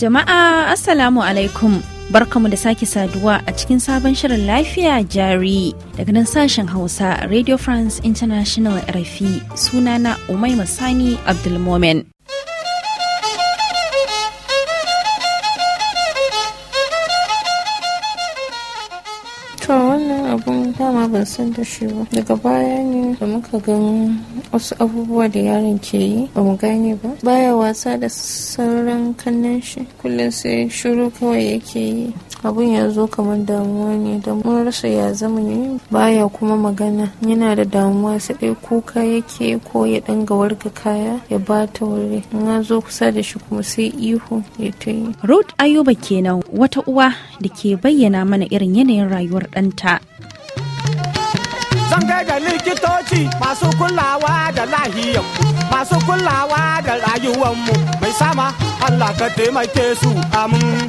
Jama'a Assalamu alaikum barkamu da sake saduwa a cikin sabon shirin lafiya jari daga nan sashen Hausa Radio France International RFI sunana Umaima Sani Abdulmomen. ban san da shi ba daga baya ne da muka gan wasu abubuwa da yaron ke yi ba mu gane ba baya wasa da sauran kannan shi kullum sai shiru kawai yake yi abun ya zo kamar damuwa ne da mun rasa ya zama ne baya kuma magana yana da damuwa sai dai kuka yake ko ya danga warka kaya ya bata wuri in zo kusa da shi kuma sai ihu ya ta yi. Ruth Ayuba kenan wata uwa da ke bayyana mana irin yanayin rayuwar ɗanta zan kai da likitoci masu kulawa da lahiyar masu kulawa da rayuwar mu mai sama Allah ka taimake su amin.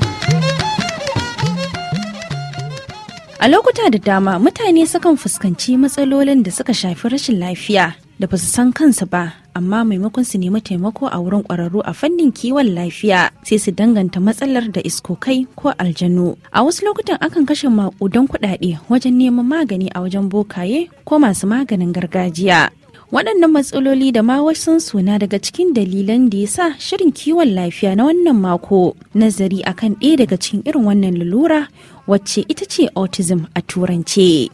A lokuta da dama mutane sukan fuskanci matsalolin da suka shafi rashin lafiya da ba su san kansu ba amma maimakon su nemi taimako a wurin ƙwararru a fannin kiwon lafiya sai su danganta matsalar da iskokai ko aljanu a wasu lokutan akan kashe maƙudan kuɗaɗe wajen neman magani a wajen bokaye ko masu maganin gargajiya waɗannan matsaloli da ma wasu suna daga cikin dalilan da ya sa shirin kiwon lafiya na wannan mako nazari akan ɗaya daga cikin irin wannan lalura wacce ita ce autism a turance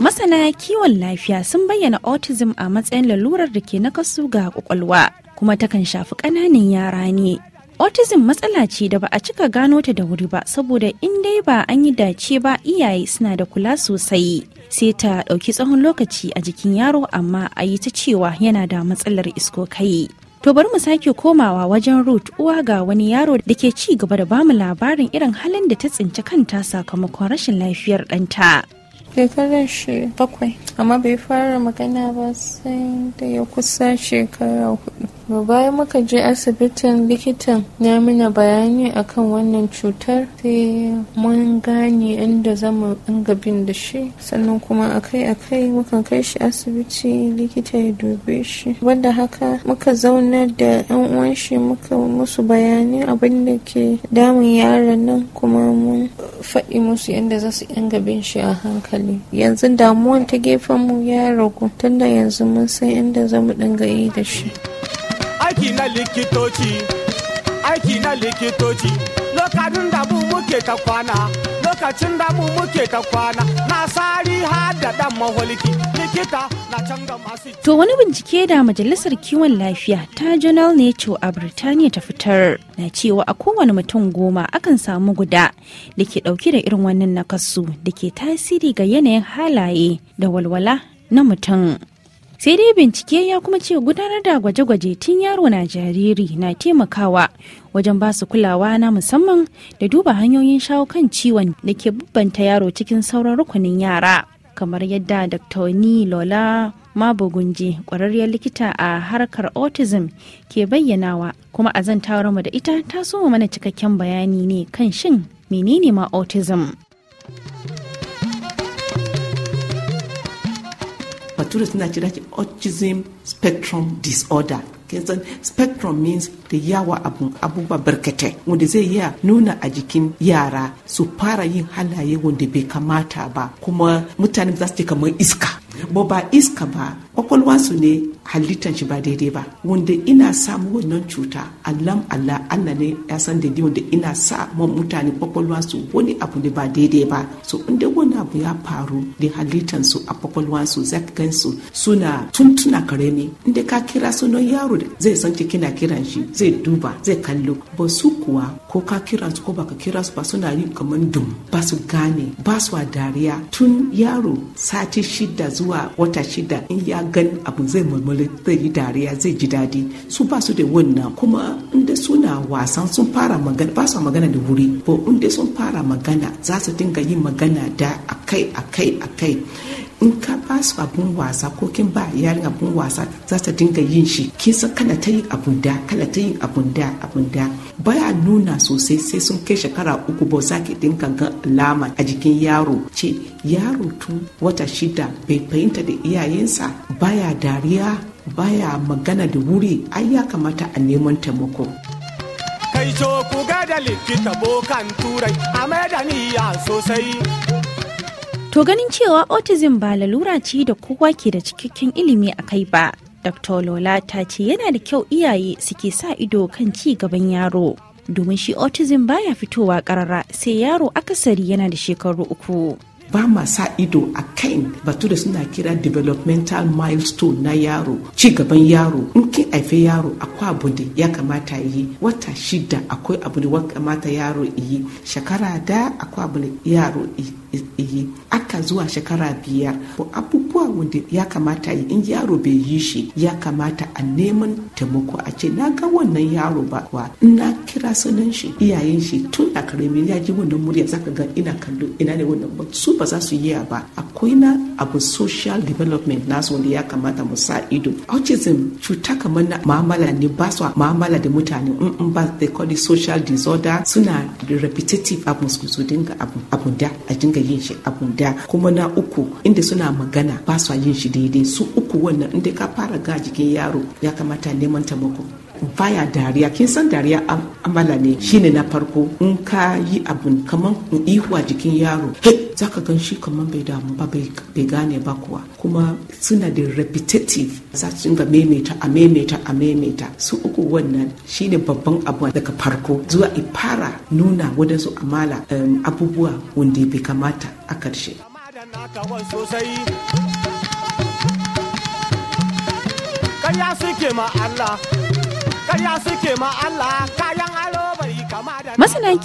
Masana kiwon lafiya sun bayyana autism a matsayin lalurar da ke nakasu ga kwakwalwa kuma takan shafi ƙananan yara ne. Autism matsala ce da ba a cika gano ta da wuri ba saboda in dai ba an yi dace ba iyaye suna da kula sosai sai ta ɗauki tsawon lokaci a jikin yaro amma a yi ta cewa yana da matsalar iskokai. To bari mu sake komawa wajen Ruth uwa ga wani yaro da ke ci gaba da bamu labarin irin halin da ta tsinci kanta sakamakon rashin lafiyar ɗanta. Shekarar shi bakwai, amma bai fara magana ba sai da ya kusa shekara hudu. bayan muka je asibitin likitan ya mana bayani akan wannan cutar sai mun gane inda zamu dinga bin da shi sannan kuma akai-akai mukan kai shi asibiti likita ya dube shi banda haka muka zauna da yan uwan shi muka musu bayani abin da ke damun yaran nan kuma mun faɗi musu yadda za su dinga bin shi a hankali yanzu damuwan ta gefen mu ya ragu tunda yanzu mun san inda zamu dinga yi da shi. aiki na likitoci aiki na likitoci lokacin da mu muke ta kwana lokacin da mu muke ta kwana na sari har da dan maholiki likita na can ga masu to wani bincike da majalisar kiwon lafiya ta journal nature a Birtaniya ta fitar na cewa a kowane mutum goma akan samu guda da ke dauke da irin wannan nakasu da ke tasiri ga yanayin halaye da walwala na mutum sai dai bincike ya kuma ce gudanar da gwaje-gwaje tun yaro na jariri na taimakawa wajen ba su kulawa na musamman da duba hanyoyin shawo kan ciwon da ke bubbanta yaro cikin sauran rukunin yara kamar yadda dr ni lola mabugunji kwararriyar likita a harkar autism ke bayyanawa kuma a zan mu da ita ta soma mana cikakken bayani ne kan shin menene ma autism bature suna kira autism spectrum disorder kinsan spectrum means da yawa abubuwa barkatai wanda zai iya nuna a jikin yara su fara yin halaye wanda bai kamata ba kuma mutane za su kamar iska ba ba iska ba kwakwalwansu ne halittan shi ba daidai ba wanda ina samu wannan cuta allah allah allah ne ya san daidai wanda ina sa mutane kwakwalwansu wani abu ne ba daidai ba so inda abu ya faru da halittansu a kwakwalwansu za ka su suna tuntuna ne inda ka kira sunan yaro zai san kina kiran shi zai duba zai kallo ba su kuwa ko ka kira su ko baka kira su ba suna yi kamar dum ba su gane ba su dariya tun yaro sati shida zuwa wata shida in ya gan abu zai mulmuli zai yi dariya zai ji daɗi su ba su da wannan kuma inda suna wasan sun fara magana ba su magana da wuri ko inda sun fara magana za su dinga yin magana da akai akai akai in ka ba su abun wasa ko kin ba yarin abun wasa za ta dinga yin shi kisa san kana ta yin abun da kana ta yin abun da abun da baya nuna sosai sai sun kai shekara uku ba za ki dinga ga alama a jikin yaro ce yaro tun wata shida bai fahimta da iyayensa baya dariya baya magana da wuri ai ya kamata a neman taimako. kai ku ga da likita bokan turai a mai da sosai To ganin cewa autism ba lalura ce da kowa ke da cikakken ilimi a kai ba. Dr. Lola ta ce yana da kyau iyaye suke sa ido kan ci gaban yaro. Domin shi autism baya fitowa karara sai yaro akasari yana da shekaru uku. ba ma sa ido a kain batu da suna kira developmental milestone na yaro ci gaban yaro in kin haifi yaro akwai abu da ya kamata yi wata shida akwai abu da kamata yaro yi shekara da akwai abu da yaro yi aka zuwa shekara biyar abubuwa wanda ya kamata yi in yaro bai yi shi ya kamata a neman taimako a ce na ga wannan yaro ba wa na kira sunan shi iyayen shi tun a karami ya ji wannan murya zaka ga ina kallo ina ne wannan ba su ba za su yi ba akwai na abu social development nasu wanda ya kamata mu sa ido autism cuta kamar na ma'amala ne ba su ma'amala da mutane in ba they call it social disorder suna repetitive abu su dinga abu abu da a dinga yin shi abu da kuma na uku inda suna magana ba su yin shi daidai su uku wannan inda ka fara ga jikin yaro ya kamata neman taimako baya dariya kin san dariya amala ne shine na farko in ka yi abun kaman ihuwa jikin yaro hey zaka gan shi kaman bai damu ba bai gane ba kuwa kuma suna da repetitive za su ga maimaita a maimaita a maimaita su uku wannan shine babban abu daga farko zuwa ifara nuna wadansu amala abubuwa wanda bai kamata a karshe Kaya suke ma Allah karya suke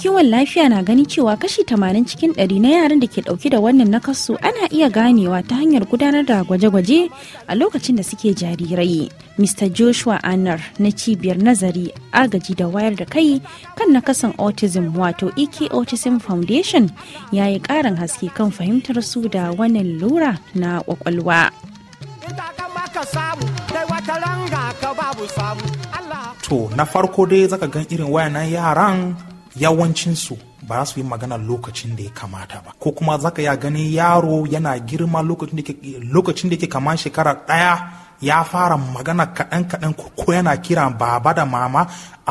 kiwon lafiya na gani cewa kashi 80 cikin 100 na yaran da ke dauke da wannan nakasu ana iya ganewa ta hanyar gudanar da gwaje-gwaje a lokacin da suke jarirai. Mr. Joshua anar na cibiyar nazari agaji da wayar da kai kan nakasan autism wato EK Autism Foundation ya yi karin haske kan fahimtar su da wannan lura na kwakwalwa. babu samu. to na farko dai zaka gan irin wayannan yaran yawancinsu ba za su yi magana lokacin da ya kamata ba ko kuma zaka ya gani yaro yana girma lokacin da yake kaman shekara ɗaya ya fara magana kaɗan kaɗan ko yana kira baba da mama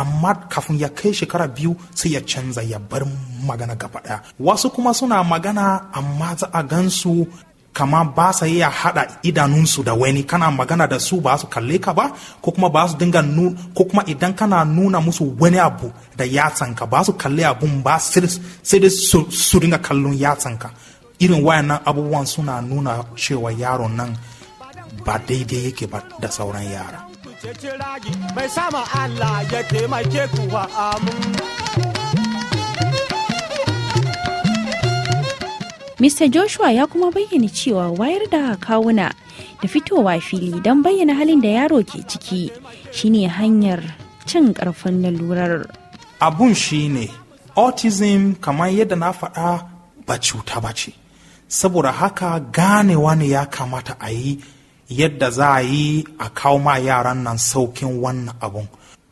amma kafin ya kai shekara biyu sai ya canza ya bar magana gaba ɗaya wasu kuma suna magana amma za a gansu kama ba sa iya hada idanunsu da wani kana magana da su ba su kalle ka ba ko kuma ba su dinga ko kuma idan kana nuna musu wani abu da yatsanka ba su kalle abun ba sai dai su dinga kallon yatsanka irin wayannan abubuwan suna nuna cewa yaron nan ba daidai yake ba da sauran yara. Mai sama Allah ya taimake kuwa amin. Mr. Joshua ya kuma bayyana cewa wayar da kawuna da fitowa fili don bayyana halin da yaro ke ciki shine hanyar cin karfin lalurar. Abun shine autism kamar yadda na faɗa ba cuta ba ce. Saboda haka ganewa ne ya kamata a yi yadda za a yi a kawo ma yaran nan saukin wannan abun.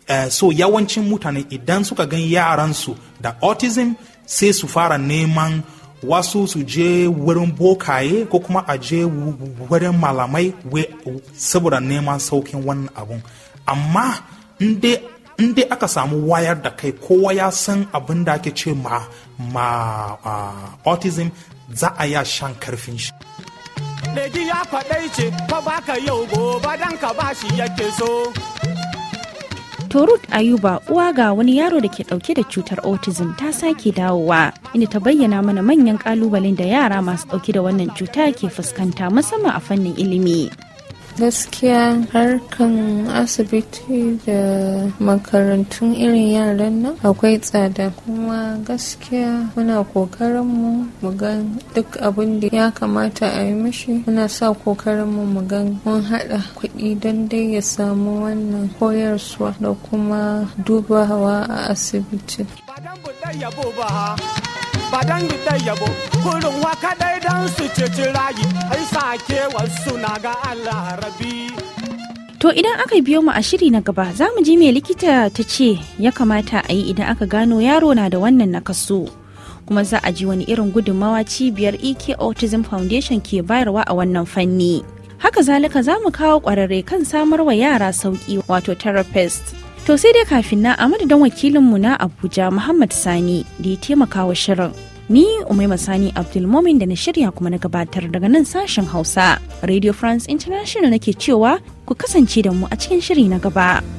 Eh, so yawancin mutane idan suka gan yaransu da autism sai su fara neman wasu su je wurin bokaye ko kuma a je wurin malamai saboda neman saukin wannan abun amma in dai aka samu wayar da kai kowa ya san abin da ake ce ma, ma autism za a ya shan karfin shi daji ya faɗai ce, fa ka yau gobe dan ka bashi yake so. torut ayuba uwa ga wani yaro da ke dauke da cutar autism ta sake dawowa inda ta bayyana mana manyan kalubalen da yara masu dauke da wannan cuta ke fuskanta musamman a fannin ilimi gaskiya harkan asibiti da makarantun irin yaran nan akwai tsada kuma gaskiya muna kokarin mu gan. duk abin da ya kamata a yi mishi muna sa kokarin mu gan. mun hada kuɗi don dai ya samu wannan koyarswa. da kuma dubawa a asibiti. dan yabo ba, dan yabo. kurin waka dai don su ceci rayu ai sake wasu na ga Allah To idan aka biyo mu a shiri na gaba za mu ji mai likita ta ce ya kamata a yi idan aka gano yaro na da wannan nakasu kuma za a ji wani irin gudunmawa cibiyar ek autism foundation ke bayarwa a wannan fanni haka zalika za mu kawo kwararre kan samar wa yara sauki wato therapist to sai dai kafin na a madadin wakilinmu na abuja muhammad sani da ya taimaka wa shirin ni umaima sani abdulmomin da na shirya kuma na gabatar daga nan sashen hausa radio france international nake cewa ku kasance da mu a cikin shiri na gaba.